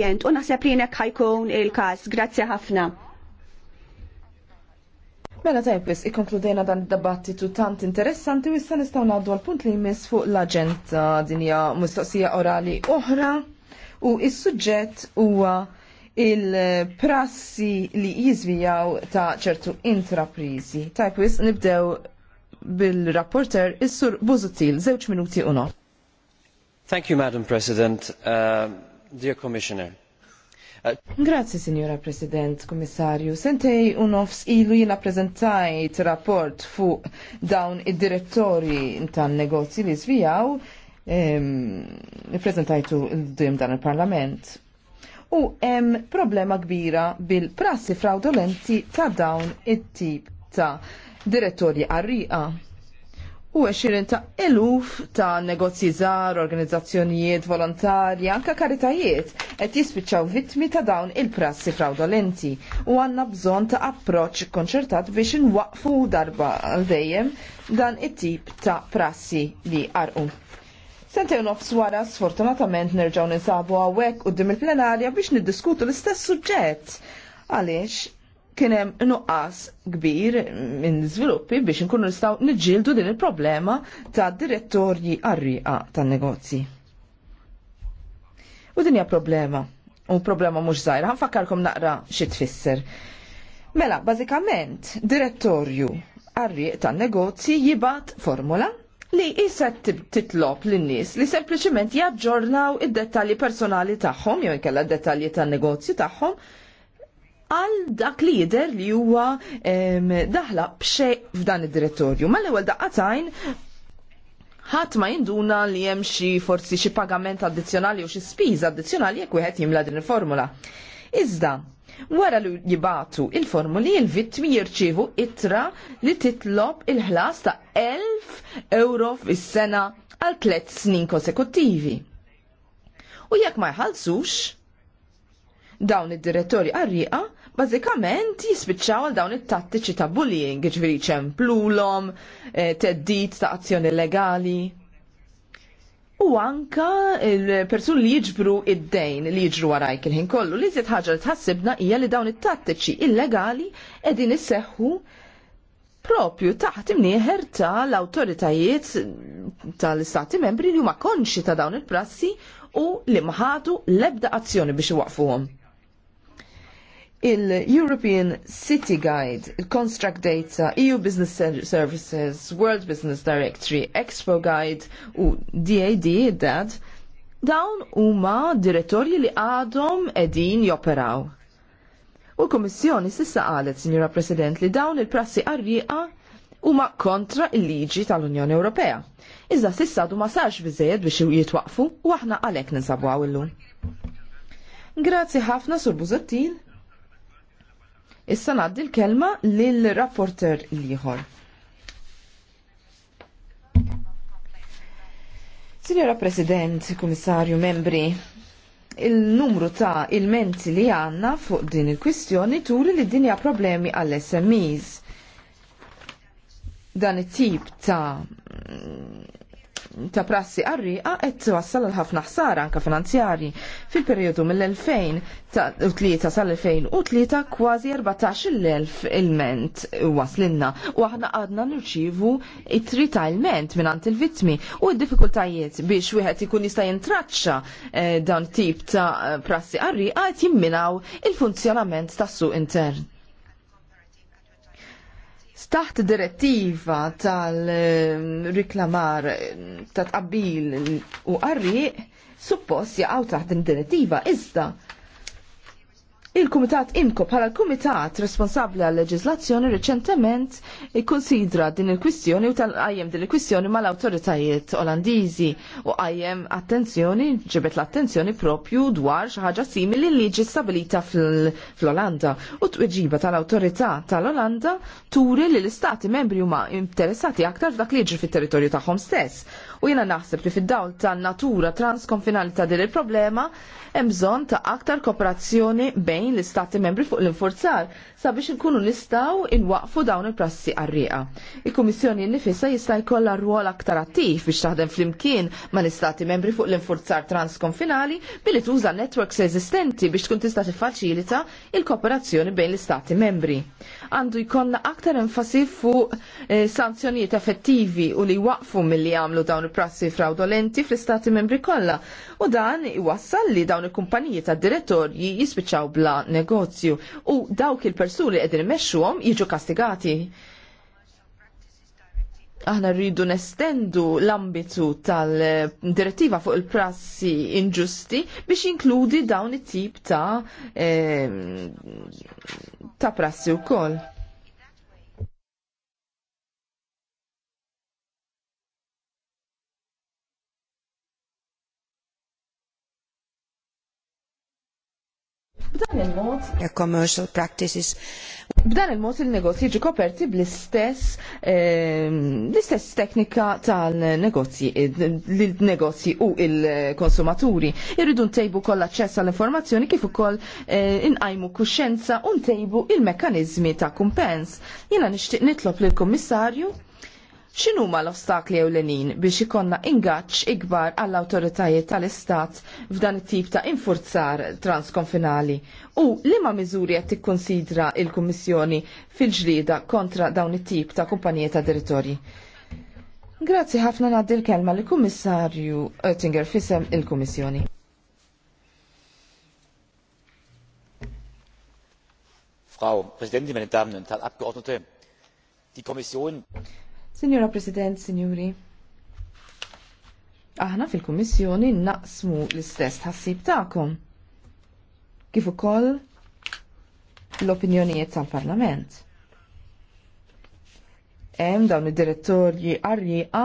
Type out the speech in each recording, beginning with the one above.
Jent, u naħseb jinek ħajkun il-kas. Grazzi ħafna. Mela tajpis, ikkonkludejna dan id dabattitu tant interessanti u issa nistgħu ngħaddu għall-punt li jmiss fuq l agent dinja mistoqsija orali oħra u is-suġġett huwa il-prassi li jizvijaw ta' ċertu intraprizi. Tajpis, nibdew bil-rapporter is-sur Buzutil, żewġ minuti u Thank you, Madam President. Uh dear Commissioner. Uh, Grazzi, Signora President, Komissarju. Sentej unofs ilu jina prezentajt rapport fuq dawn id-direttori tan negozji li zvijaw, prezentajtu d-dim dan il-Parlament. U hemm problema kbira bil-prassi fraudolenti ta' dawn it-tip ta' direttori għarriqa u 20 ta' eluf ta' negozji żgħar, organizzazzjonijiet volontarji, anka karitajiet qed jispiċċaw vittmi ta' dawn il-prassi fraudolenti u għandna bżonn ta' approċċ konċertat biex inwaqfu darba għal dejjem dan it-tip ta' prassi li Sente Sentej nofs wara sfortunatament nerġgħu ninsabu hawnhekk quddiem il-plenarja biex niddiskutu l-istess suġġett. Għaliex kien hemm nuqqas kbir minn żviluppi biex inkunu nistgħu niġġieldu din il-problema ta' direttorji għarriqa tan-negozji. U din hija problema. U problema mhux żgħira, ħanfakkarkom naqra xi tfisser. Mela, bażikament, direttorju għarriq tan-negozji jibat formula li jisa titlob l-nis li sempliciment jaġġornaw id-dettalji personali tagħhom jew d dettalji tan-negozju tagħhom għal dak lider li huwa daħla b'xej f'dan id-direttorju. Mal-ewwel daqqatajn ħadd ma jinduna li hemm xi forsi xi pagament addizzjonali u xi spiża addizzjonali jekk wieħed jimla din il-formula. Iżda, Wara li jibatu il-formuli, il-vittmi jirċivu itra li titlob il-ħlas ta' 1000 euro fis-sena għal tliet snin konsekuttivi. U jekk ma jħallsux, dawn id-direttori għarriqa bażikament jispiċċaw għal dawn it-tattiċi ta' bullying, ġviri ċemplulom, eh, teddit ta' azzjoni legali. U anka il-persun li jġbru id-dejn li jiġru warajk il-ħin kollu li zjed ħaġa li tħassibna hija li dawn it-tattiċi illegali edin isseħħu propju taħt imnieħer tal-autoritajiet tal-istati membri li huma konxi ta' dawn il-prassi u li maħatu lebda azzjoni biex iwaqfuhom il-European City Guide, il-Construct Data, EU Business Services, World Business Directory, Expo Guide u DAD, DAD, dawn huma direttorji li għadhom edin joperaw. U l-Kommissjoni sissa qalet, Signora President, li dawn il-prassi qarrieqa huma kontra il-liġi tal-Unjoni Ewropea. Iżda sissa du ma sarx biżejjed biex jitwaqfu u aħna għalhekk ninsabu illum. Grazzi ħafna sur Buzottin. Issa naddi l-kelma lill-rapporter liħor. Signora President, Komissarju, Membri, il-numru ta' il-menti li għanna fuq din il-kwistjoni turi li dinja problemi għall-SMEs. Dan it-tip ta' ta' prassi għarriqa qed twassal għal ħafna ħsara anka finanzjari. Fil-perjodu mill-2003 sal-2003 kważi 14,000 ilment waslinna u aħna għadna nirċivu it ilment minn il-vittmi u d-diffikultajiet biex wieħed ikun jista' jintraċċa eh, dan tip ta' prassi għarriqa qed jimminaw il-funzjonament tas-suq intern Staħt direttiva tal-riklamar ta' tqabbil u arri suppost jaqgħu taħt direttiva iżda Il-Kumitat Imko bħala l-Kumitat responsabli għal leġislazzjoni reċentement ikkonsidra din il-kwistjoni u tal-qajjem din il-kwistjoni mal-awtoritajiet Olandiżi u qajjem attenzjoni ġibet l-attenzjoni propju dwar xi ħaġa simili li liġi stabilita fl-Olanda u t-weġiba tal-awtorità tal-Olanda turi li l-istati membri huma interessati aktar f'dak liġi fit-territorju tagħhom stess U jiena naħseb li fid-dawl tan-natura transkonfinali ta' din il-problema hemm bżonn ta' aktar kooperazzjoni bejn l-istati membri fuq l-infurzar sabiex nkunu nistaw inwaqfu dawn il-prassi għarriqa. Il-Kummissjoni nifissa jista' jkollha rwol aktar attiv biex taħdem flimkien ma' l-istati membri fuq l-infurzar transkonfinali billi tuża networks eżistenti biex tkun tista' tiffaċilita il-kooperazzjoni bejn l-istati membri. Għandu jkollna aktar enfasi fuq eh, sanzjonijiet effettivi u li waqfu milli jagħmlu dawn il-prassi fraudolenti fl-istati membri kollha u dan iwassal li dawn il-kumpaniji tad-direttorji jispiċċaw bla negozju u dawk il ħarsu li qegħdin imexxuhom jiġu kastigati. Aħna rridu nestendu l-ambitu tal-direttiva fuq il-prassi inġusti biex inkludi dawn it-tip ta' eh, prassi ta' koll. wkoll. B'dan il-mod. Commercial practices. B'dan il-mod il-negozji ġi koperti bl-istess ehm, l-istess teknika tal-negozji, l-negozji u il-konsumaturi. Irridu ntejbu koll aċċess għall-informazzjoni kif ukoll eh, inqajmu kuxenza u ntejbu il-mekkanizmi ta' kumpens. Jiena nixtieq nitlob lill-Kummissarju X'inhu ma l-ostakli ewlenin biex ikonna ingaġġ ikbar għall awtoritajiet tal-Istat f'dan it-tip ta' infurzar transkonfinali u liema miżuri qed tikkonsidra il-Kummissjoni fil-ġlieda kontra dawn it-tip ta' kumpaniji ta' direttorji. Grazzi ħafna ngħaddi l-kelma lill kummissarju Oettinger fisem il-Kummissjoni. Frau Präsidentin, meine Damen und Herren Abgeordnete, die Kommission Signora President, Signori, aħna fil-Kummissjoni naqsmu l-istess ħassib tagħkom. Kif ukoll l-opinjonijiet tal-Parlament. Hemm dawn id-direttorji għarrieqa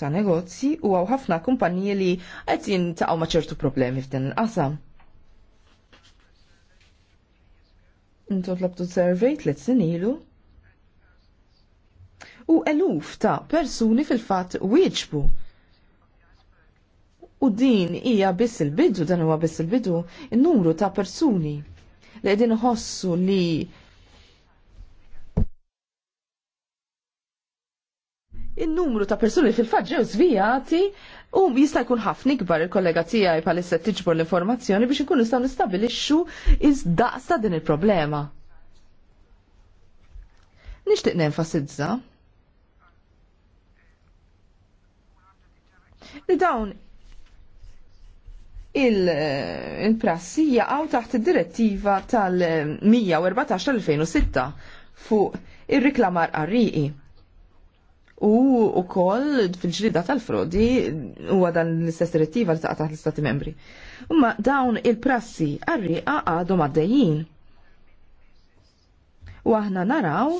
ta' negozji u għaw ħafna kumpaniji li qed jintaqgħu ma' ċertu problemi f'dan il-qasam. Intu tlabtu survey tliet sinilu ilu u eluf ta' persuni fil-fatt wieġbu. U din hija biss il-bidu, dan huwa biss il-bidu, n-numru ta' persuni li qegħdin ħossu li il-numru ta' persuni fil-fatt ġew zvijati u jista' jkun ħafna ikbar il-kollega tiegħi palissa tiġbor l-informazzjoni biex ikun nistgħu nistabilixxu iż-daqs ta' din il-problema. Nixtieq nenfasizza li dawn il-prassi il taħt id-direttiva tal-114 2006 fuq ir-riklamar arriqi U wkoll fil-ġrida tal-frodi huwa dan l-istess direttiva li taħt l-Istati membri. Imma dawn il-prassi għarriqa għadhom għaddejjin. U aħna naraw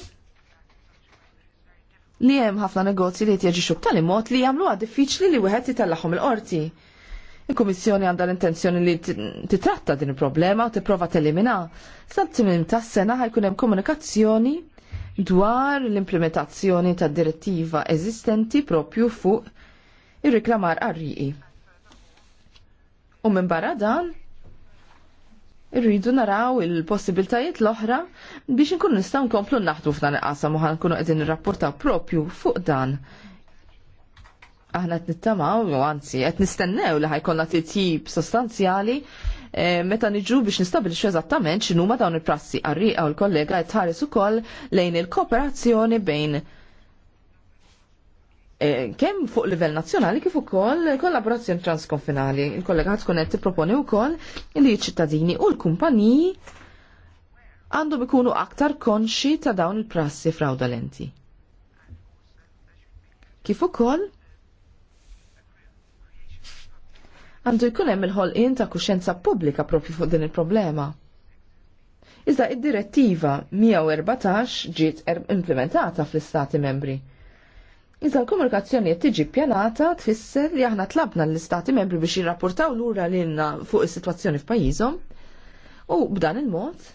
li hemm ħafna negozji li jtjeġixu b'tali mod li jagħmluha diffiċli li wieħed jitellahom il-qorti. Il-Kummissjoni għandha l-intenzjoni li titratta din il-problema u tipprova telimina. Sal-timim tas-sena ħajkun hemm komunikazzjoni dwar l-implementazzjoni tad direttiva eżistenti propju fuq ir-riklamar qarriqi. U minn barra dan, Irridu naraw il-possibiltajiet l-oħra biex inkunu nistgħu nkomplu naħdu f'dan il-qasam u ħankunu qegħdin nirrapportaw propju fuq dan. Aħna qed nittamaw, u anzi qed nistennew li ħajkollna titjib sostanzjali eh, meta niġu biex nistabilixxu eżattament x'inhuma dawn il-prassi qarriqa u l-kollega qed ħares ukoll lejn il-kooperazzjoni bejn Eh, kemm fuq livell nazzjonali kif ukoll kollaborazzjoni transkonfinali. Il-kollega ħadd tkun qed tipproponi wkoll li ċittadini u l-kumpaniji għandhom ikunu aktar konxi ta' dawn il-prassi fraudalenti. Kif ukoll għandu jkun hemm il-ħolqien ta' kuxenza pubblika propju fuq din il-problema. Iżda id-direttiva 114 ġiet er- implementata fl-istati membri Iżda l-komunikazzjoni tiġi pjanata tfisser li aħna tlabna l-istati membri biex jirrapportaw lura lilna fuq is-sitwazzjoni f'pajjiżhom u b'dan il-mod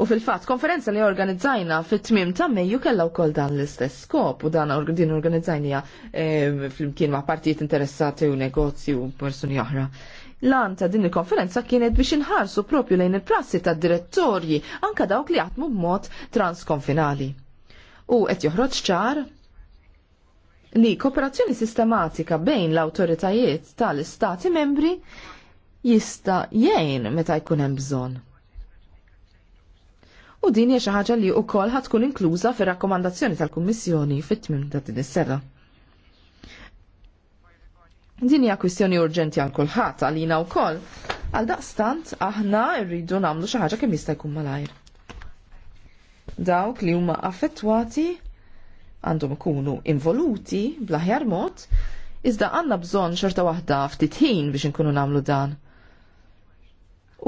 U fil-fat, konferenza li organizzajna fit-tmim ta' Mejju kellha wkoll dan l-istess skop u dan din organizzajnija eh, fl-imkien ma' partijiet interessati u negozju u persuni oħra. Lan ta' din il-konferenza kienet biex inħarsu propju lejn il-prassi ta' direttorji, anka dawk li jaħdmu b'mod transkonfinali. U qed joħroġ ċar li kooperazzjoni sistematika bejn l-awtoritajiet tal-istati membri jista' jgħin meta jkun hemm bżonn. U din hija xi ħaġa li wkoll ħadd tkun inkluża fir-rakkomandazzjoni tal-Kummissjoni fit-tmim ta' din is-sena. Din hija kwistjoni urġenti għal kulħadd għalina wkoll. Għal daqstant aħna rridu nagħmlu xi ħaġa kemm jista' jkun malajr. Dawk li huma affettwati għandhom ikunu involuti bl-aħjar mod, iżda għandna bżonn xorta waħda ftit ħin biex inkunu nagħmlu dan.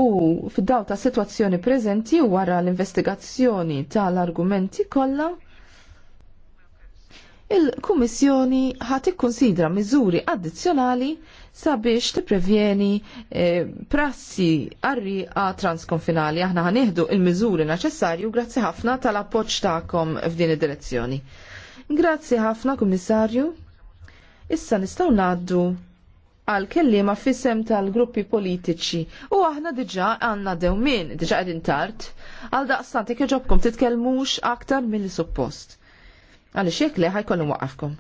U fid-daw ta' situazzjoni preżenti wara l-investigazzjoni tal-argumenti kollha, il-Kummissjoni ħat ikkonsidra miżuri addizzjonali sabiex tipprevjeni eh, prassi arriqa transkonfinali. Aħna ħaneħdu il-miżuri naċessarju grazzi ħafna tal-appoġġ tagħkom f'din id-direzzjoni. Grazzi ħafna, Kummissarju. Issa nistgħu ngħaddu għal kellima fissem tal-gruppi politiċi u aħna diġa għanna dewmin, diġa għedin tart, għal daqstanti kħeġobkom titkelmux aktar mill-suppost. Għaliex hekk le ħajkollu waqafkom.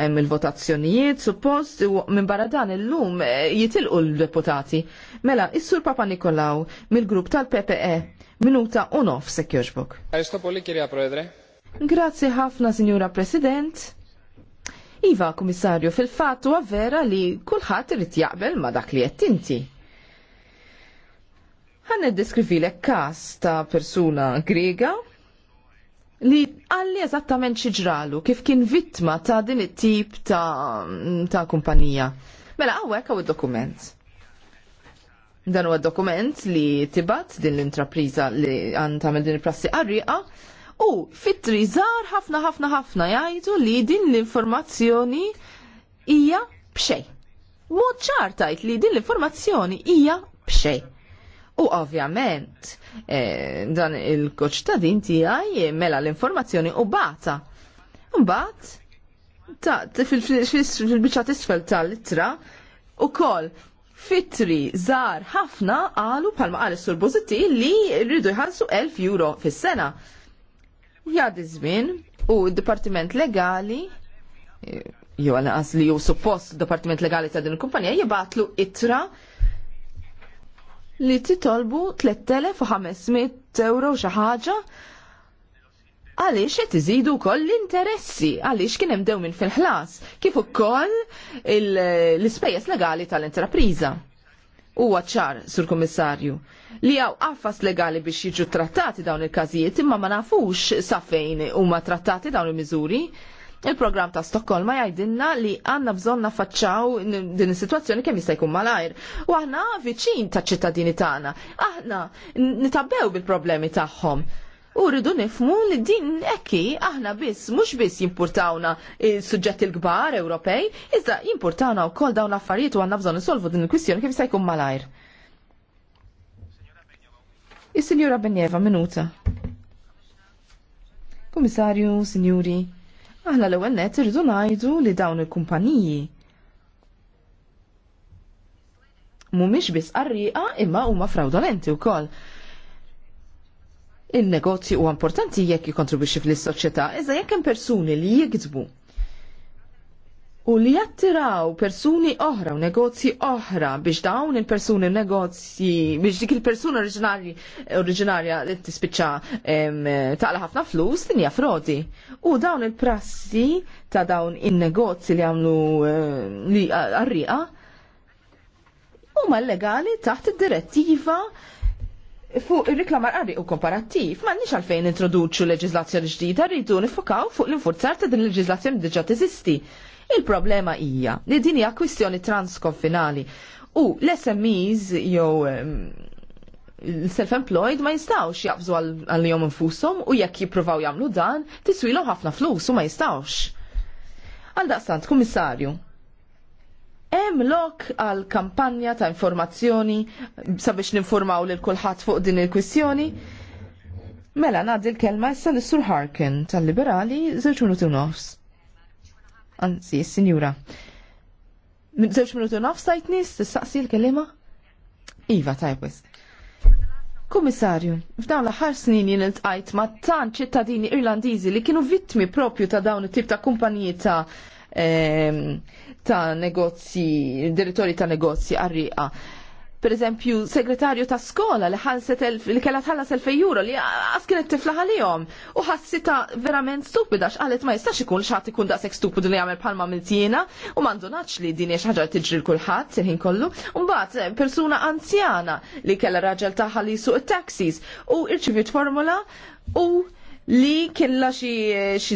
Hemm il-votazzjonijiet, suppost, u minn barra dan illum eh, jitilqu l-deputati. Mela, is-Sur Papa Nikolaw mill-grupp tal-PPE minuta u nof se kjoġbok. Grazzi ħafna, Signora President. Iva, Komissarju, fil-fatt huwa vera li kulħadd irid jaqbel ma' dak li jettinti. inti ħan l deskrivilek kas ta' persuna grega li għalli eżattament xieġralu kif kien vittma ta' din it-tip ta', ta kumpanija. Mela, għawek għaw dokument Dan huwa dokument li tibat din l-intrapriza li għan tamel din il-prassi għarriqa u fitri zar ħafna ħafna ħafna jgħidu li din l-informazzjoni hija bxej. Mod ċar tajt li din l-informazzjoni hija bxej. U ovvjament, eh, dan il-koċ ta' din tiegħi mela l-informazzjoni u bata. bat, ta' fil-biċċa tisfel tal-ittra u kol fitri zar ħafna għalu palma għal sur Bozitti li rridu jħallsu 1000 euro fis-sena. Jgħaddi żmien u d-Dipartiment Legali eh, jew għal li ju suppost Departiment Legali ta' din il-kumpanija jibatlu itra li titolbu 3500 euro xi ħaġa għaliex qed iżidu wkoll l-interessi għaliex kien hemm dewmin fil-ħlas kif ukoll l-ispejjeż legali tal-intrapriża. Huwa ċar, Sur Kummissarju, li hawn affas legali biex jiġu trattati dawn il-każijiet imma ma nafux sa fejn huma trattati dawn il-miżuri Il-programm ta' Stokkolma jgħidilna li għandna bżonn faċċaw din is-sitwazzjoni kemm jista' jkun malajr. U aħna viċin taċ ċittadini tagħna. Aħna nitabbew bil-problemi tagħhom. U rridu nifmu li din ekki aħna biss, mhux biss jimpurtawna il suġġetti l-kbar Ewropej, iżda jimpurtawna wkoll dawn l-affarijiet u għandna bżonn insolvu din il-kwistjoni kif se jkun malajr. Is-Sinjura Benjeva, minuta. Komissarju, Sinjuri. Aħna l-ewwel net irridu ngħidu li dawn il-kumpaniji mhumiex biss qarrieqa imma huma fraudolenti wkoll. Il-negozju huwa importanti jekk jikontribwixxi fl-soċjetà iżda jekk hemm persuni li jikdbu u li jattiraw persuni oħra u negozji oħra biex dawn il-persuni u negozji biex dik il-persuna oriġinarja li tispiċċa taqla ħafna flus din frodi. U dawn il-prassi ta' dawn il-negozji li għamlu eh, li għarriqa huma legali taħt id-direttiva Fuq il-riklamar għarri u komparattiv, ma nix għalfejn introduċu leġizlazzjoni ġdida rridu nifokaw fuq l-infurzar ta' din leġizlazzjoni diġa teżisti. Il-problema hija li din hija kwistjoni transkonfinali u l-SMEs jew self-employed ma jistawx jabżu għal-jom infusom u jekk jipruvaw jamlu dan, tiswilu ħafna flus u ma jistawx. Għal-daqstant, kummissarju, Hemm lok għal kampanja ta' informazzjoni sabiex ninformaw lil kulħadd fuq din il-kwistjoni. Mela ngħaddi l-kelma issa lis sur Harkin tal-Liberali żewġ minuti nofs anzi, s-sinjura. Zewġ minuti naf sajt nis, s-saqsi l-kelima? Iva, tajbwis. Komissarju, f'dawn l-aħħar snin jien iltqajt ma' tant ċittadini Irlandiżi li kienu vittmi propju ta' dawn it-tip ta' kumpaniji ta' ehm, ta' negozji, direttori ta' negozji għarriqa per eżempju, segretarju ta' skola li ħalset li kellha tħallas elf euro li għas kienet tifla ħalihom u ħassita verament stupida x'qalet ma jistax ikun xaħat ikun daqshekk stupidu li jagħmel bħalma mill-tiena u m'għandunax li din hija xi ħaġa tiġri kulħadd il-ħin kollu. U mbagħad eh, persuna anzjana li kellha raġel tagħha li suq it-taxis u irċivit formula u li kella xi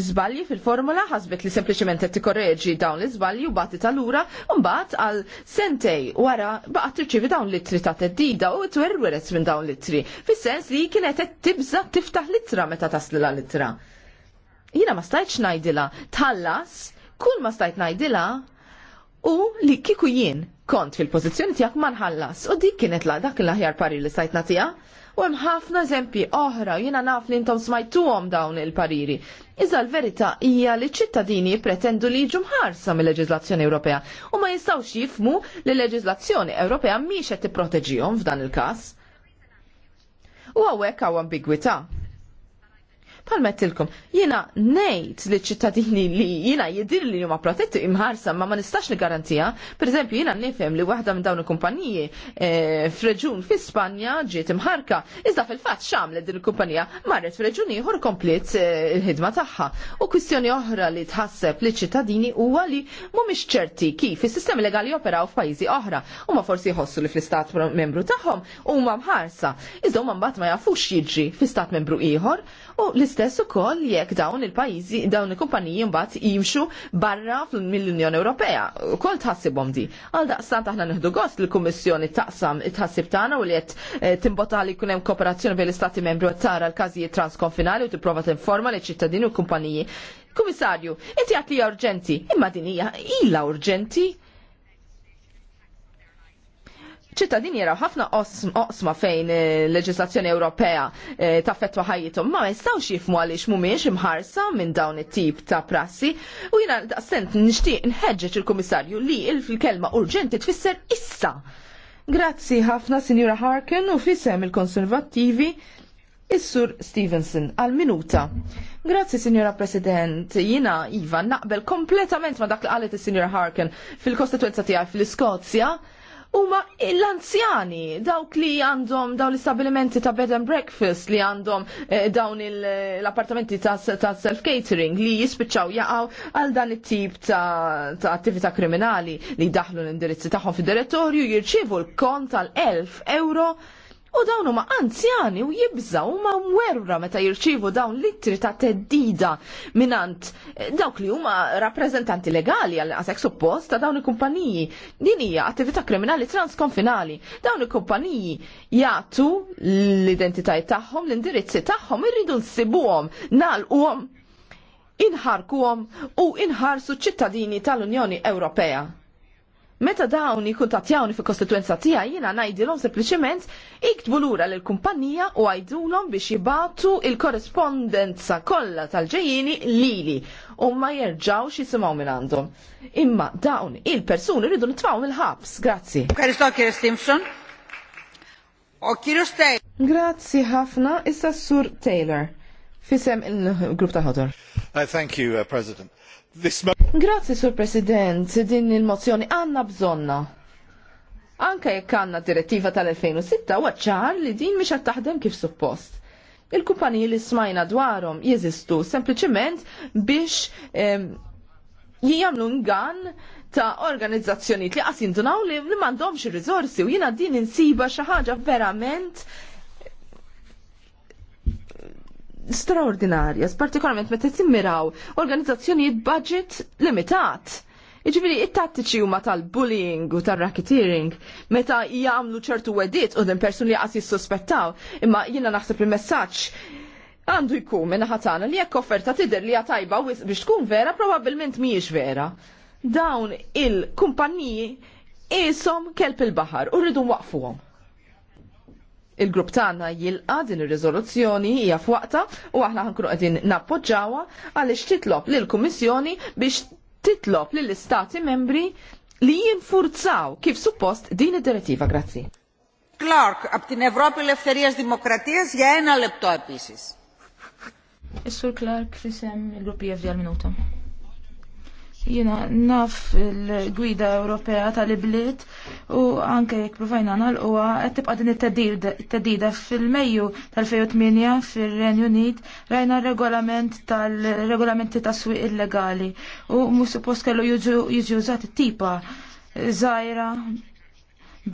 żbalji fil-formula ħasbet li sempliċement qed tikkorreġi dawn l-iżbalji u bagħti tal-ura u mbagħad għal sentej wara baqgħet tirċievi dawn l-ittri ta' teddida u twerweret minn dawn l-ittri. Fis-sens li kienet qed tibża tiftaħ littra meta taslilha l-ittra. Jiena ma stajtx ngħidilha tħallas kull ma stajt ngħidilha u li kiku jien kont fil-pożizzjoni tiegħek ma nħallas u dik kienet la dak l-aħjar pari li stajt natija. U hemm ħafna eżempji oħra jiena naf li intom smajtuhom dawn il-pariri. Iżda l-verità hija li ċittadini pretendu li jiġu mħarsa mill-leġiżlazzjoni Ewropea u ma jistgħux jifmu li l-leġiżlazzjoni Ewropea mhix qed tipproteġihom f'dan il-każ. U hawnhekk hawn ambigwità. Pal mettilkom, jina nejt li ċittadini li jina jidir li huma protetti imħarsa ma ma nistax li garantija. Per eżempju, jina nifhem li waħda minn dawn il-kumpaniji eh, f'reġun fi Spanja ġiet imħarka. Iżda fil-fatt xamlet din il-kumpanija marret f'reġun ieħor komplet eh, il-ħidma tagħha. U kwistjoni oħra li tħasseb li ċittadini huwa li mhumiex ċerti kif is-sistemi legali operaw f'pajjiżi oħra. Huma forsi jħossu li fl-istat membru tagħhom huma mħarsa. Iżda huma mbagħad ma jafux jiġri fl-istat membru ieħor u l-istess ukoll jekk dawn il-pajjiżi dawn il-kumpaniji mbagħad jimxu barra mill-Unjoni Ewropea. Ukoll tħassibhom di. Għal daqstant aħna nieħdu gost l-Kummissjoni taqsam it-tħassib tagħna u li qed eh, timbota li jkun hemm kooperazzjoni bejn l-Istati membri u tara l-każijiet transkonfinali u tipprova tinforma liċ ċittadini u l-kumpaniji Kummissarju, inti għat li urġenti, imma din hija ilha urġenti ċittadini jaraw ħafna oqsma fejn eh, leġislazzjoni Ewropea eh, taffetwa ħajjithom ma jistgħux jifmu għaliex mhumiex imħarsa minn dawn it-tip ta' prassi u jiena daqsent nixtieq nħeġġeġ il-Kummissarju li il-kelma urġenti tfisser issa. Grazzi ħafna Sinjura Harkin u fisem il-Konservattivi Is-Sur Stevenson għal minuta. Grazzi, Signora President. Jina, Iva, naqbel kompletament ma dak li qalet is-Signora Harkin fil-kostituenza tiegħi fil-Iskozja. fil fil iskozja huma l-anzjani, dawk li għandhom dawn l-istabilimenti ta' bed and breakfast li għandhom eh, dawn eh, l-appartamenti ta', ta self-catering li jispiċċaw jaqgħu għal dan it-tip ta', ta attività kriminali li daħlu l-indirizzi tagħhom fid-direttorju jirċievu l-kont tal-1000 euro u dawn huma anzjani u jibżaw huma werra meta jirċivu dawn litri ta' teddida minant eh, dawk li huma rappreżentanti legali għal għasek suppost ta' dawn il-kumpaniji. Din hija attività kriminali transkonfinali. Dawn il-kumpaniji jagħtu l-identitajiet tagħhom, l-indirizzi tagħhom irridu nsibuhom nagħlquhom inħarkuhom u inħarsu ċittadini tal-Unjoni Ewropea. Meta dawn jikkuntattjawni fi kostituenza tiegħi jina ngħidilhom sempliċement iktbu lura lill kumpanija u għajdulhom biex jibatu il-korrespondenza kollha tal-ġejjini lili u ma jerġgħux jisimgħu minn għandhom. Imma dawn il-persuni rridu nitfaw mill-ħabs. Grazzi. Grazzi ħafna issa Sur Taylor. Fisem il-grupp ta' ħodor. Uh, thank you, uh, President. Grazie, Sur President. Din il-mozzjoni għanna bżonna. Anka jekk għanna direttiva tal-2006 waċċar li din miex qed taħdem kif suppost. Il-kumpaniji li smajna dwarhom jeżistu sempliċement biex jgħamlu ngan ta' organizzazzjonijiet li għasindunaw li m'għandhomx ir rizorsi u jiena din insiba xi ħaġa verament straordinarja, partikolarment meta timmiraw organizzazzjonijiet budget limitat. Iġviri, it-tattiċi huma tal-bullying u tal-racketeering, meta jgħamlu ċertu wedit u din persuni għas jissospettaw, imma jina naħseb il messaġġ għandu jkun minna ħatana li jekk offerta tidher li għatajba biex tkun vera, probabilment miex vera. Dawn il-kumpanniji isom kelp il-bahar u rridu waqfuhom il-grupp tagħna jilqa din ir-riżoluzzjoni hija f'waqta u aħna ħankunu qegħdin nappoġġawha għaliex titlob lill-Kummissjoni biex titlob lill-Istati membri li jinfurzaw kif suppost din id-direttiva. Grazzi. Clark, ab din Evropi l efterijas Demokratijas, ένα λεπτό e επίσης. E Is-Sur Clark fisem il-grupp għal-minuta. Jina naf il-gwida Ewropea tal-ibliet u anke jek provajna nal u għed tibqa din it-tedida fil-Mejju tal-2008 fil-Renju Unit rajna regolament tal-regolamenti ta' swiq illegali u mhux suppost kellu jiġu użat tipa żgħira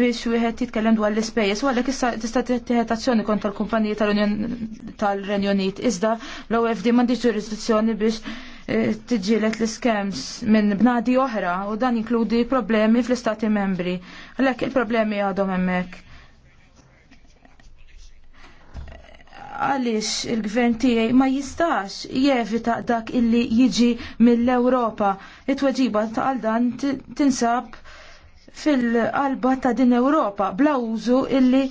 biex wieħed jitkellem dwar l-ispejjeż u għalhekk issa tista' tieħed azzjoni kontra l-kumpaniji tal-Renju Unit iżda l-OFD m'għandix ġurisdizzjoni biex tġilet l-skems minn bnadi oħra u dan jinkludi problemi fl-istati membri. Għalhekk il-problemi għadhom hemmhekk. Għaliex il-gvern tiegħi ma jistax jevita dak illi jiġi mill-Ewropa. It-tweġiba ta' dan tinsab fil-qalba ta' din Ewropa bla użu illi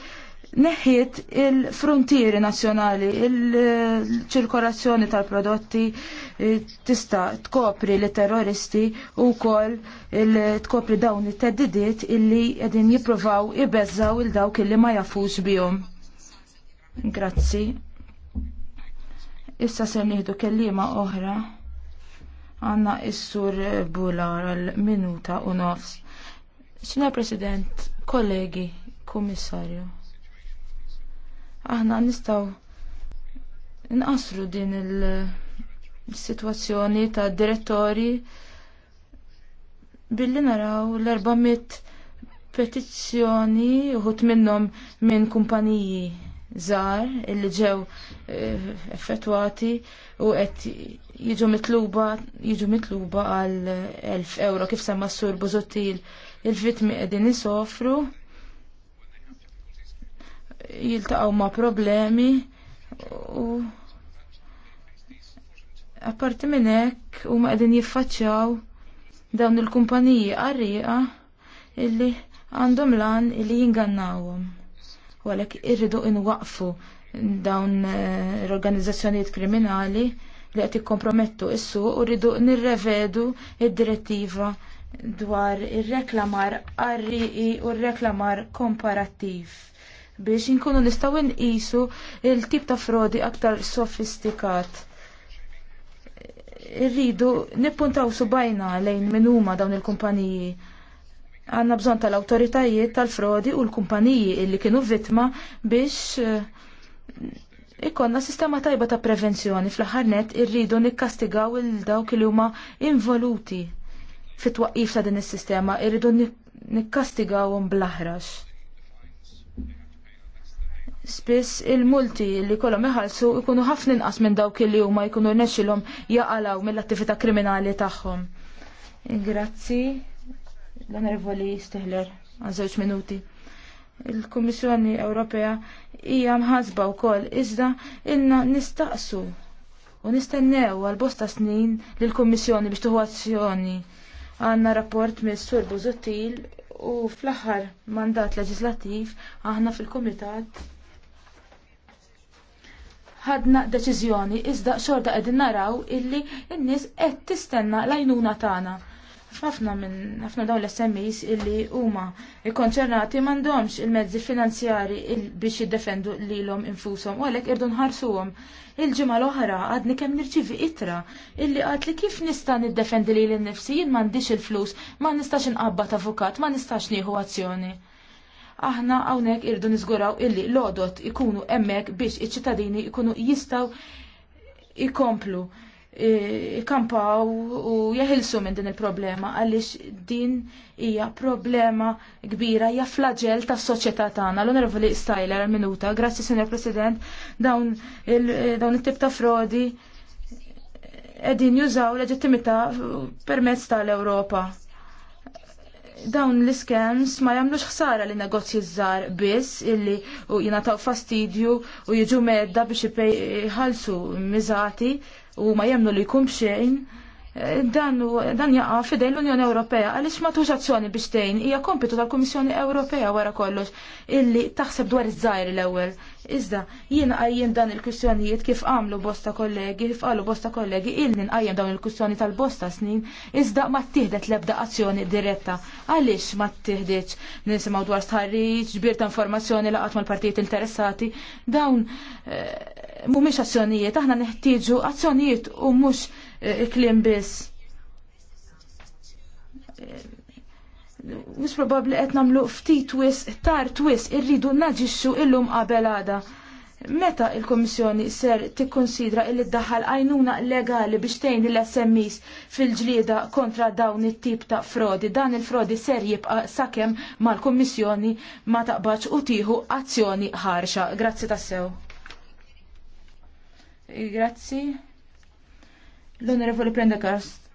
neħiet il-frontieri nazzjonali, il-ċirkolazzjoni tal-prodotti eh, tista' tkopri li terroristi u kol tkopri dawn it-teddidiet illi edin jiprovaw ibeżaw il-dawk illi ma jafux bihom. Grazzi. Issa se nieħdu kellima oħra. Għanna issur bula l-minuta u nofs. Signor President, kollegi, Kummissarju aħna nistgħu nqasru din il-sitwazzjoni ta' direttori billi naraw l-400 petizzjoni uħut minnhom minn kumpaniji zar illi ġew eh, effettwati u qed jiġu mitluba jiġu mitluba għal 1000 euro kif sema s-sur Buzottil il-vitmi qegħdin isofru jiltaqgħu ma' problemi u apparti minn hekk huma qegħdin jiffaċċjaw dawn il-kumpaniji qarrieqa illi għandhom lan illi jingannawhom. U għalhekk irridu inwaqfu dawn eh, l-organizzazzjonijiet kriminali li qed jikkompromettu is-suq u rridu nirrevedu id-direttiva dwar ir-reklamar qarriqi u r-reklamar komparattiv biex inkunu nistgħu nqisu il-tip ta' frodi aktar sofistikat. Irridu nippuntaw subajna lejn min huma dawn il-kumpaniji. Għanna bżon tal-awtoritajiet tal-frodi u l-kumpaniji illi kienu vittma biex eh, Ikonna sistema tajba ta' prevenzjoni fl-aħħar net irridu nikkastigaw il dawk li huma involuti fit-twaqqif ta' din is-sistema, irridu nikkastigawhom bl-aħrax. Spiss il-multi li kolom iħalsu ikunu ħafna inqas minn dawk li huma jkunu nexxilhom jaqalaw mill-attività kriminali tagħhom. Grazzi l-onorevoli Stihler għal żewġ minuti. Il-Kummissjoni Ewropea hija mħasba wkoll iżda ilna nistaqsu u nistennew għal bosta snin lill-Kummissjoni biex tuħu azzjoni. Għandna rapport mis-Sur Buzutil u fl-aħħar mandat leġislattiv aħna fil-Kumitat ħadna deċiżjoni iżda xorta qegħdin naraw illi n-nies qed tistenna l-għajnuna tagħna. Ħafna minn ħafna dawn l-SMEs illi huma ikkonċernati m'għandhomx il-mezzi finanzjari il biex jiddefendu lilhom infushom u għalhekk irdu nħarsuhom. Il-ġimgħa l-oħra għadni kemm nirċivi itra illi qalt li kif nista' niddefendi lili nnifsi jien m'għandix il-flus, ma nistax inqabba avukat, ma nistax nieħu azzjoni aħna hawnhekk irdu niżguraw illi l-odot ikunu hemmhekk biex iċ-ċittadini ikunu jistgħu ikomplu e, ikampaw u jahilsu minn din il-problema għaliex din hija problema kbira hija flagell tas-soċjetà tagħna. L-Onorevoli Styler minuta, grazzi Sinjor President, dawn it-tip ta' frodi qegħdin jużaw leġittimità permezz tal-Ewropa dawn l-iskens ma jagħmlux ħsara li negozji żgħar biss illi u jingħataw fastidju u jiġu medda biex iħallsu miżati u ma jemnu li jkun xejn dan, dan jaqa fidejn l-Unjoni Ewropea għaliex ma tuġ azzjoni biex tgħin hija kompitu tal-Kummissjoni Ewropea wara kollox illi taħseb dwar iż-żgħir l-ewwel. Iżda jien għajjen dan il-kwistjonijiet kif għamlu bosta kollegi, kif qalu bosta kollegi, illi nqajjem dawn il-kwistjoni tal-bosta snin, iżda ma ttieħdet l-ebda azzjoni diretta. Għaliex ma ttieħditx nisimgħu dwar stħarriġ, ġbir ta' informazzjoni laqgħat mal-partijiet interessati, dawn eh, mhumiex azzjonijiet, aħna neħtieġu azzjonijiet u mhux Klim biss. Mhux probabbli qed nagħmlu ftit wis tar twis, irridu naġixxu illum qabel għada. Meta il-Komissjoni ser tikkonsidra illi daħal għajnuna legali biex tgħin l smis fil-ġlieda kontra dawn it-tip ta' frodi, dan il-frodi ser jibqa' sakemm mal-Kummissjoni ma taqbax u tieħu azzjoni ħarxa. Grazzi tassew. Grazzi. L-Onorevoli Prendekast.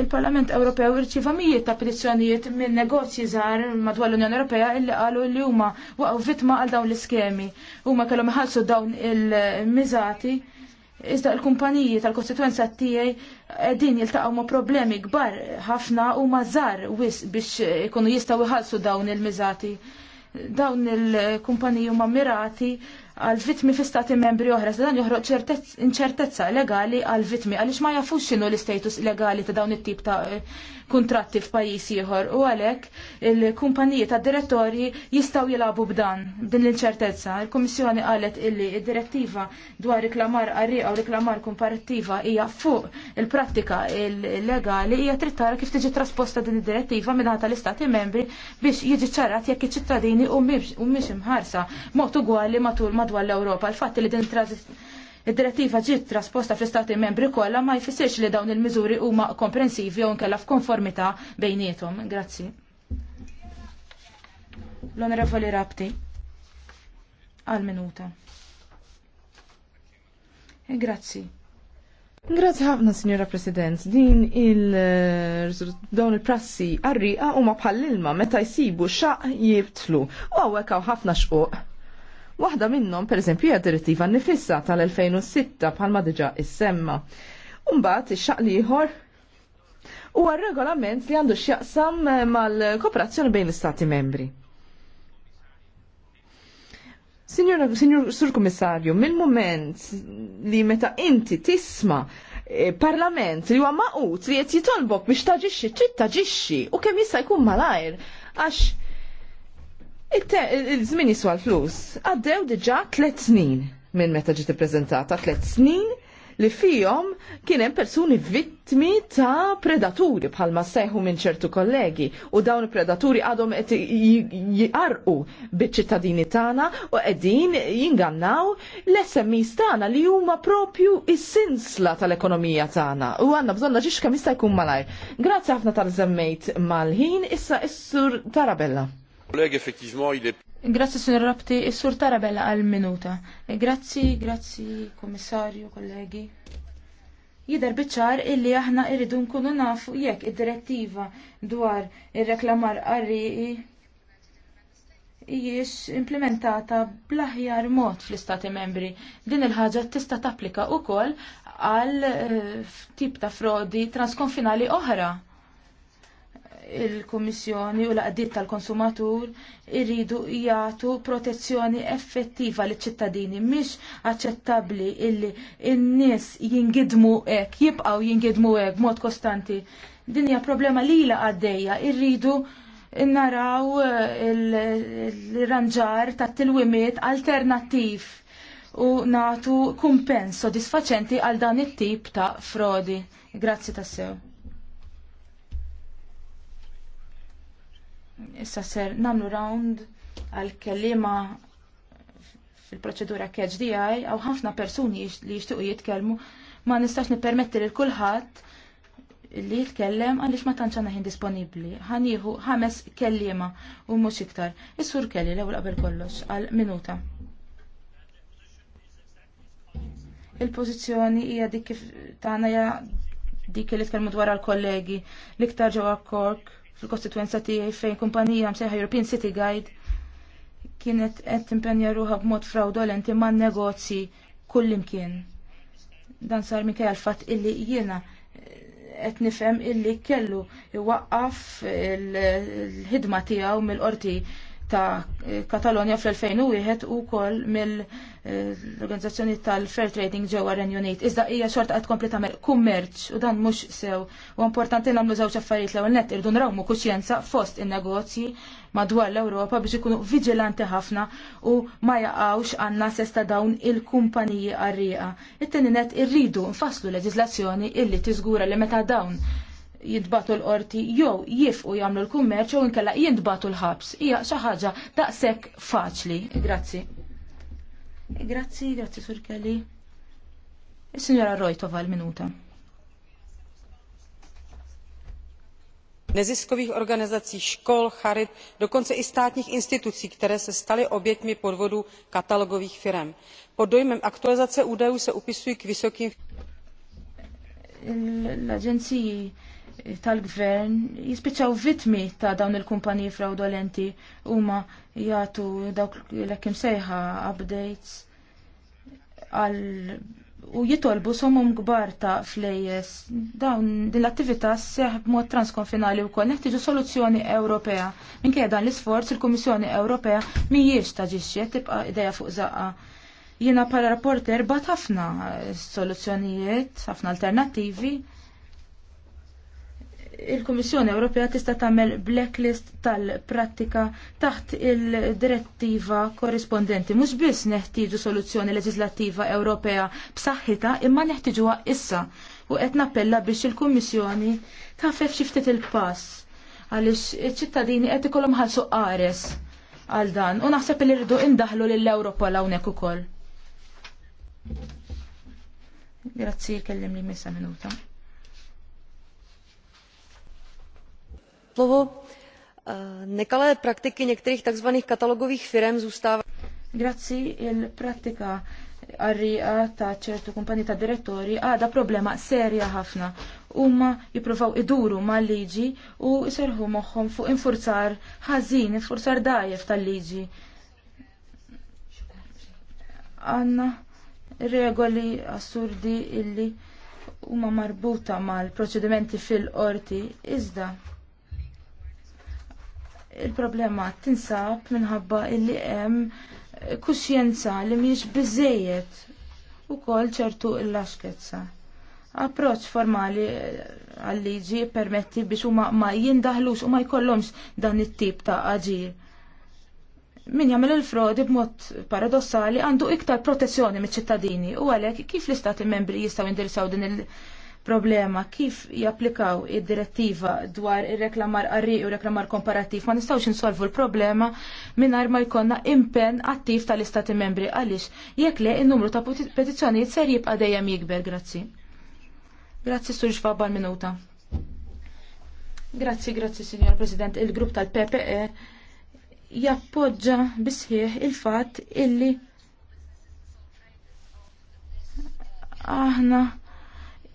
Il-Parlament Ewropew irċiva mijiet ta' petizzjonijiet minn negozji żgħar madwar l-Unjoni Ewropea illi qalu li huma waqgħu vittma għal dawn l-iskemi. Huma kellhom iħallsu dawn il-miżati iżda l-kumpaniji tal-kostituenza tiegħi qegħdin jiltaqgħu ma' problemi kbar ħafna u mażar żgħar wis biex ikunu jistgħu iħallsu dawn il-miżati. Dawn il-kumpaniji huma mirati għal vitmi fi stati membri oħra, se dan joħroq inċertezza legali għal vitmi għaliex ma jafux x'inhu l-istatus legali ta' dawn it-tip ta' eh, kuntratti f'pajjiż ieħor u għalhekk il-kumpaniji ta' direttorji jistgħu jilagħbu b'dan din l-inċertezza. Il-Kummissjoni qalet illi d-direttiva dwar riklamar qarrieqa u riklamar komparattiva hija fuq il-prattika legali hija tara kif tiġi trasposta din id-direttiva minn tal-istati membri biex jiġi ċarat jekk iċ-ċittadini u mhix imħarsa mod ugwali matul ma madwar l europa Il-fatt li din id-direttiva ġiet trasposta fl-Istati membri kollha ma jfissirx li dawn il-miżuri huma komprensivi jew nkella f'konformità bejniethom. Grazzi. L-Onorevoli Rapti. Għal minuta. Eh, grazzi. Grazzi ħafna, Signora President. Din il dawn il-prassi għarriqa u ma bħall-ilma meta jisibu xaq jibtlu. U għawek għaw ħafna xquq. Waħda minnhom pereżempju hija direttiva nifissa tal-2006 bħalma diġà issemma. mbagħad ix-xaq ieħor huwa regolament li għandu x'jaqsam eh, mal-kooperazzjoni bejn l-Stati membri. Signor, signor Sur Kummissarju, mill moment li meta inti tisma eh, parlament li huwa maqut li qed jitolbok biex taġixxi, trid taġixxi u kemm jista' jkun malajr għax Il-żmien jiswa l-flus. Għaddew diġà tliet snin minn meta ġiet ippreżentata tliet snin li fihom kien hemm persuni vittmi ta' predaturi bħalma seħu minn ċertu kollegi u dawn il-predaturi għadhom qed jqarqu biċ-ċittadini tagħna u qegħdin jingannaw l-SMEs tagħna li huma propju is-sinsla tal-ekonomija tagħna u għandna bżonna naġix kemm jista' jkun malajr. Grazzi ħafna tal-żemmejt mal-ħin issa issur Tarabella. Grazzi, Signor Rabti. Is-Sur e Tarabella għal-minuta. E Grazzi, grazie, commissario, kollegi. Jider biċar illi aħna irridu nkunu nafu jekk id-direttiva dwar ir-reklamar qarriqi jiex implementata blaħjar mod fl-istati membri. Din il-ħaġa tista' tapplika wkoll għal eh, tip ta' frodi transkonfinali oħra il-Kummissjoni u l-qdiet tal-konsumatur irridu jagħtu protezzjoni effettiva li ċittadini mhix aċċettabbli illi n-nies jingidmu hekk, jibqgħu jingidmu hekk mod kostanti. Din hija problema lila għaddejja, irridu naraw eh, il-ranġar ta' tilwimiet alternattiv u natu kumpens sodisfaċenti għal dan it-tip ta' frodi. Grazzi tassew. Issa ser namlu round għal kellima fil-proċedura KHDI għaw ħafna persuni li jishtiqu jitkelmu ma nistax nipermetti lil kulħadd li jitkellem għaliex ma tanċana għandna ħin disponibbli. Ħanieħu ħames kelliema u mhux iktar. Is-sur kelli l-ewwel qabel kollox għal minuta. Il-pożizzjoni hija dik kif tagħna dik li tkellmu dwar għall kollegi l-iktar ġewwa Kork fil-kostituenza tiegħi fejn kumpanija msejħa European City Guide kienet qed timpenja ruha b'mod fraudolenti man negozji kullimkien. Dan sar minkejja l-fatt illi jiena eh, qed nifhem illi kellu iwaqqaf il-ħidma tiegħu mill-qorti ta' Katalonja fl-2001 u kol mill-organizzazzjoni tal-Fair Trading ġewwa Renju Unit. Iżda hija xorta qed kompli kummerċ u dan mhux sew. U importanti nagħmlu żewġ affarijiet l-ewwel nett irdu nrawmu kuxjenza fost in-negozji madwar l-Ewropa biex ikunu viġilanti ħafna u ma jaqgħux għandna sesta dawn il-kumpaniji għarrieqa. It-tieni nett irridu nfasslu leġiżlazzjoni illi tiżgura li meta dawn jidbatu l-qorti jew jifqu jagħmlu l-kummerċ u nkella jintbatu l-ħabs. Hija xi ħaġa daqshekk faċli. Grazzi. Grazzi, grazzi Sur Kelly. Is-Sinjora Rojtova l-minuta. neziskových organizací škol charit dokonce i státních institucí které se staly oběťmi podvodů katalogových firm. pod dojmem aktualizace údajů se upisují k vysokým l-aġenziji tal-gvern jispiċċaw vitmi ta' dawn il-kumpaniji fraudolenti huma jagħtu dawk l-ekkim sejħa updates għal u jitolbu somum kbar ta' flejjes. Dawn din l-attività seħ b'mod transkonfinali wkoll neħtieġu soluzzjoni Ewropea. Minkejja dan l-isforz il-Kummissjoni Ewropea mhijiex taġixxi tibqa' idea fuq zaqqa. Jiena bħala rapporter bat ħafna soluzzjonijiet, ħafna alternattivi, il-Kummissjoni Ewropea tista' tagħmel blacklist tal-prattika taħt il-direttiva korrispondenti. Mhux biss neħtieġu soluzzjoni leġislattiva Ewropea b'saħħitha imma neħtieġuha issa u qed nappella biex il-Kummissjoni tafef xi ftit il-pass għaliex iċ-ċittadini qed ikollhom ħalsu qares għal dan u naħseb li rridu indaħlu lill-Ewropa l hawnhekk ukoll. Grazzi, kellim li missa minuta. Eh, nekalé praktiky některých tzv. katalogových firm zůstávají. Grazzi il-pratika għarriqa ta' ċertu kumpani ta' direttori da problema serja ħafna. Umma jipruvaw iduru ma' liġi u jserħu moħħom fuq infurzar ħażin, infurzar dajef tal-liġi. Għanna regoli assurdi illi huma marbuta mal-proċedimenti fil-qorti iżda il-problema tinsab minħabba illi hemm kuxjenza li mhijiex biżejjed ukoll ċertu il laxkezza Approċċ formali eh, għal-liġi permetti biex huma ma jindahlux u ma jkollhomx dan it-tip ta' aġir. Min jagħmel il-frodi b'mod paradossali għandu iktar protezzjoni miċ-ċittadini u għalhekk kif l-istati membri jistgħu jindirsaw din il- problema kif japplikaw id-direttiva dwar ir-reklamar qarri u reklamar komparattiv ma nistgħux insolvu l-problema mingħajr ma jkollna impenn attiv tal-Istati membri għaliex jekk le n-numru ta' petizzjonijiet ser jibqa' dejjem jikber, grazzi. Grazzi Sur Xfab minuta. Grazzi, grazzi Signor President, il-grupp tal-PPE jappoġġa bisħieħ il-fatt illi aħna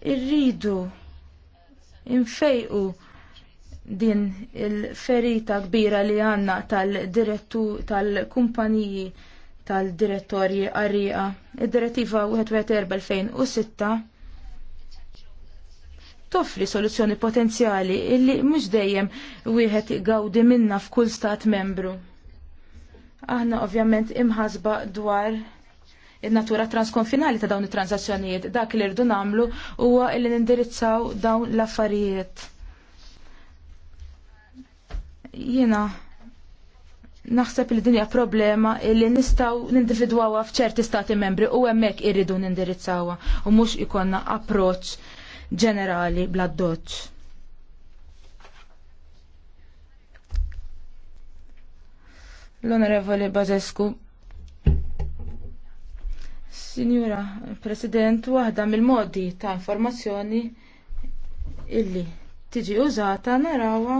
irridu infejqu din il-ferita kbira li għanna tal-direttu tal-kumpaniji tal-direttorji għarriqa. Id-direttiva 2006 toffri soluzzjoni potenzjali illi mhux dejjem wieħed gawdi minna f'kull stat membru. Aħna ovvjament imħasba dwar in-natura transkonfinali ta' dawn it-transazzjonijiet. Dak li rridu nagħmlu huwa li nindirizzaw dawn l-affarijiet. Jiena naħseb li dinja problema li nistaw nindividwawa f'ċerti stati membri u hemmhekk irridu nindirizzawha u mhux ikonna approċċ ġenerali bla doċ. L-Onorevoli Bazescu Signora President, waħda mill-modi ta' informazzjoni illi tiġi użata narawa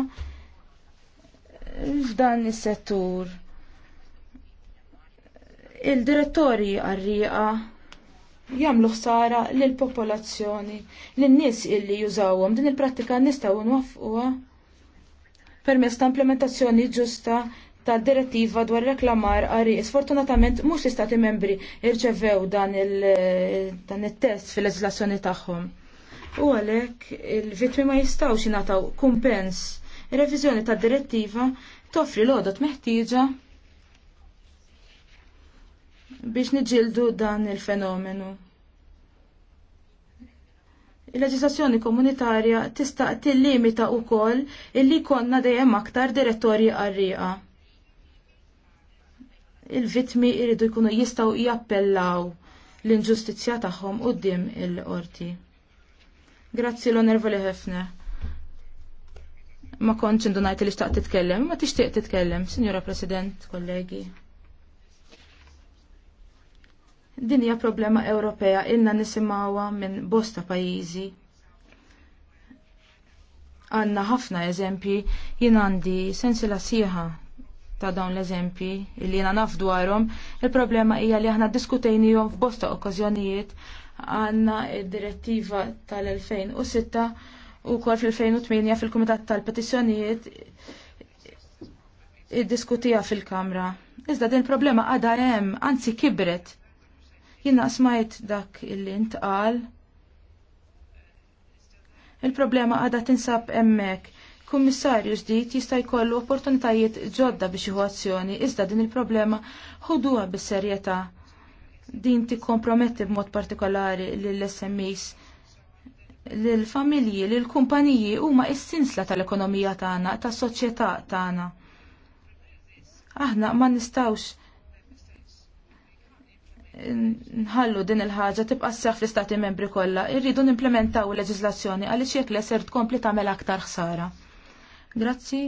f'dan is-settur. Il-direttori għarriqa jagħmlu ħsara lill popolazzjoni lin-nies illi jużawhom din il-prattika nistgħu nwaffquha permezz ta' implementazzjoni ġusta tad-direttiva dwar reklamar qari. Sfortunatament mhux l-istati membri irċevew dan il-test fil-leġislazzjoni tagħhom. U għalhekk il-vittmi ma jistgħux jingħataw kumpens. Ir-reviżjoni tad-direttiva toffri l-għodot meħtieġa biex niġildu dan il-fenomenu. Il-leġislazzjoni komunitarja tista' tillimita wkoll illi konna dejjem aktar direttorji qarrieqa il-vitmi jridu jkunu jistgħu jappellaw l-inġustizzja tagħhom quddiem il-qorti. Grazzi l-onervoli ħefna. Ma kontx indunajt li xtaqt titkellem, ma tixtieq titkellem, Sinjora President, kollegi. Din hija problema Ewropea ilna nisimgħuha minn bosta pajjiżi għanna ħafna eżempji jien għandi la siħa ta' dawn l-eżempji li jena naf dwarhom, il-problema hija li aħna jom f'bosta okkażjonijiet għandna id-direttiva tal-2006 u kol fil-2008 fil-Kumitat tal-Petizzjonijiet diskutija fil-Kamra. Iżda din problema għadha hemm, anzi kibret. Jiena smajt dak illi intqal. Il-problema għadha tinsab hemmhekk kummissarju ġdid jista' jkollu opportunitajiet ġodda biex jieħu azzjoni iżda din il-problema ħuduha bis-serjetà. Din tikkomprometti b'mod partikolari lill-SMEs lill-familji, lill-kumpaniji huma s-sinsla tal-ekonomija tagħna, tas-soċjetà tagħna. Aħna ma nistawx nħallu din il-ħaġa tibqa' sseħħ fl-istati membri kollha, irridu nimplementaw il-leġiżlazzjoni għaliex jekk le ser tkompli tagħmel aktar ħsara. Grazzi.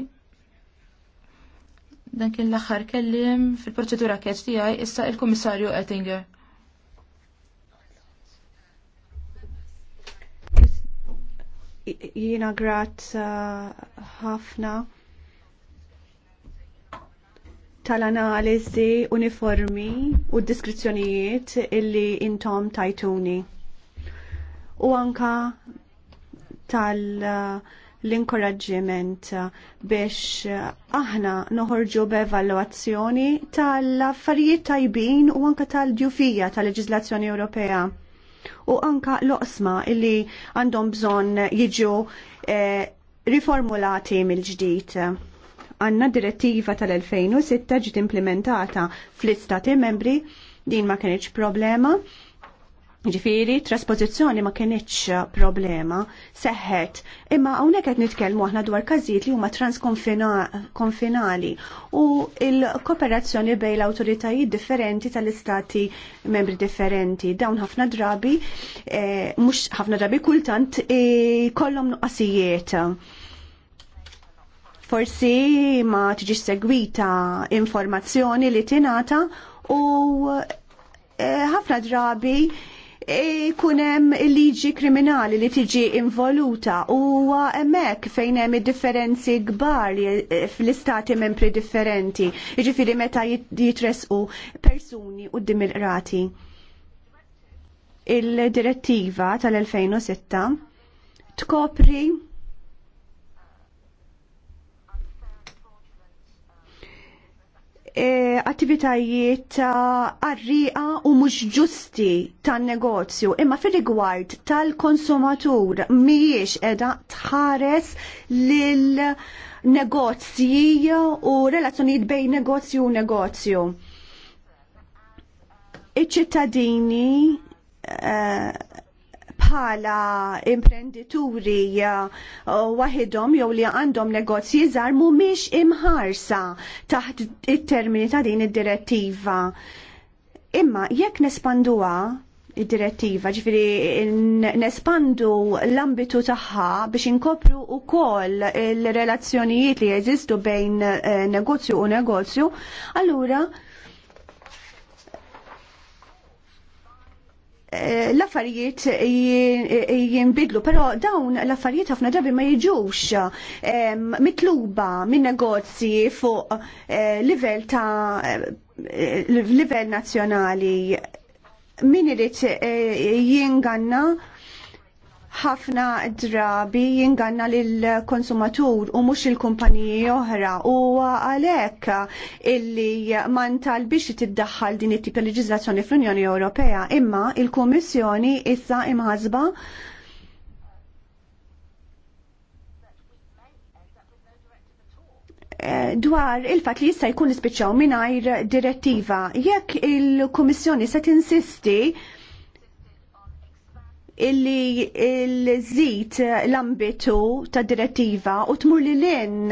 Dan kien l-aħħar kellim fil-proċedura catch tiegħi issa il-Kummissarju Ettinger. Jiena grazz uh, ħafna tal-analizi uniformi u d diskrizzjonijiet illi intom tajtuni. U anka tal- uh, l-inkoraġġiment biex aħna noħorġu b'evalwazzjoni tal-affarijiet tajbin u anka tal-djufija tal leġizlazzjoni Ewropea u anka l-oqsma illi għandhom bżonn jiġu eh, riformulati mill-ġdid għanna direttiva tal-2006 ġiet implementata fl-istati membri din ma kienx problema Ġifiri, trasposizjoni ma kienieċ uh, problema, seħħet, imma hawnhekk qed nitkellmu aħna dwar każijiet li huma transkonfinali u il-kooperazzjoni bejn l-awtoritajiet differenti tal-istati membri differenti. Dawn ħafna drabi, e, mhux ħafna drabi kultant e, kollhom nuqqasijiet forsi ma tiġi segwita informazzjoni li tinata u eh, ħafna e, drabi E kunem liġi kriminali li tiġi involuta u emmek fejn hemm differenzi kbar e, fl-istati membri differenti, jiġifieri meta jitresqu persuni u dimirrati. Il-direttiva tal-2006 tkopri E, attivitajiet ta' arriqa u mhux ġusti tan negozju imma fil-rigward tal-konsumatur mhijiex qiegħda tħares lil negozji u relazzjonijiet bejn negozju u negozju. Iċ-ċittadini e, bħala imprendituri uh, uh, waħidhom jew li għandhom negozji żgħar mhumiex imħarsa taħt it-termini ta' din id-direttiva. Imma jekk nespanduha id-direttiva, ġifiri nespandu l-ambitu tagħha biex inkopru wkoll il-relazzjonijiet li jeżistu bejn eh, negozju u negozju, allura Eh, l-affarijiet jinbidlu, pero dawn l-affarijiet ħafna drabi ma jiġux mitluba minn negozji fuq eh, livell ta' eh, livell nazzjonali. Min irid jinganna ħafna drabi jinganna lill-konsumatur u mhux il-kumpaniji oħra u għalhekk illi man biex tiddaħħal din it-tip leġiżlazzjoni fl-Unjoni Ewropea imma il-Kummissjoni issa imħasba dwar il-fat li jista' jkun ispiċċaw mingħajr direttiva. Jekk il-Kummissjoni se tinsisti illi il żit l-ambitu ta' direttiva u tmur li l-in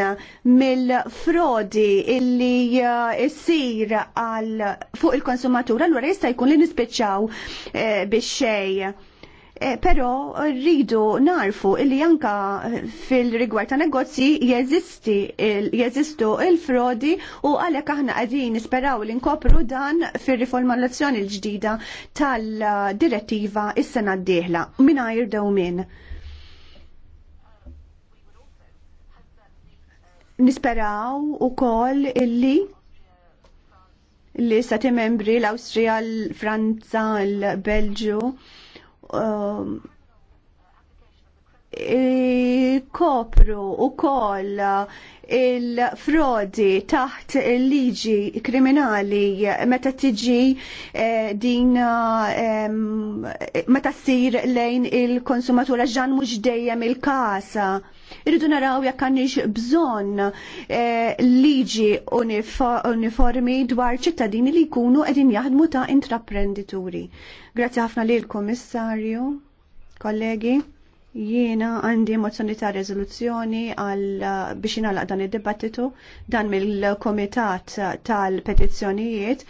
mill-frodi illi jessir uh, għal fuq il-konsumatura, l-għura jista' jkun li nispiċċaw e, eh, biex xej. Eh, Pero rridu narfu illi anka fil-rigward ta' negozji jeżisti jeżistu il-frodi u għalhekk aħna qegħdin nisperaw li nkopru dan fir-riformulazzjoni l-ġdida tal-direttiva is-sena d-dieħla mingħajr dewmien. Nisperaw ukoll illi li stati membri l-Awstrija, l-Franza, l-Belġu, Um, kopru u koll il-frodi taħt il-liġi kriminali meta tiġi eh, din eh, meta ssir lejn il-konsumatura ġan mhux dejjem il-kasa. Irridu naraw jekk għandix bżonn eh, liġi uniformi dwar ċittadini li jkunu qegħdin jaħdmu ta' intraprendituri. Grazzi ħafna lil kummissarju kollegi. Jiena għandi mozzjoni ta' rezoluzzjoni għal biex inalaq dan id-dibattitu dan mill-Komitat tal-Petizzjonijiet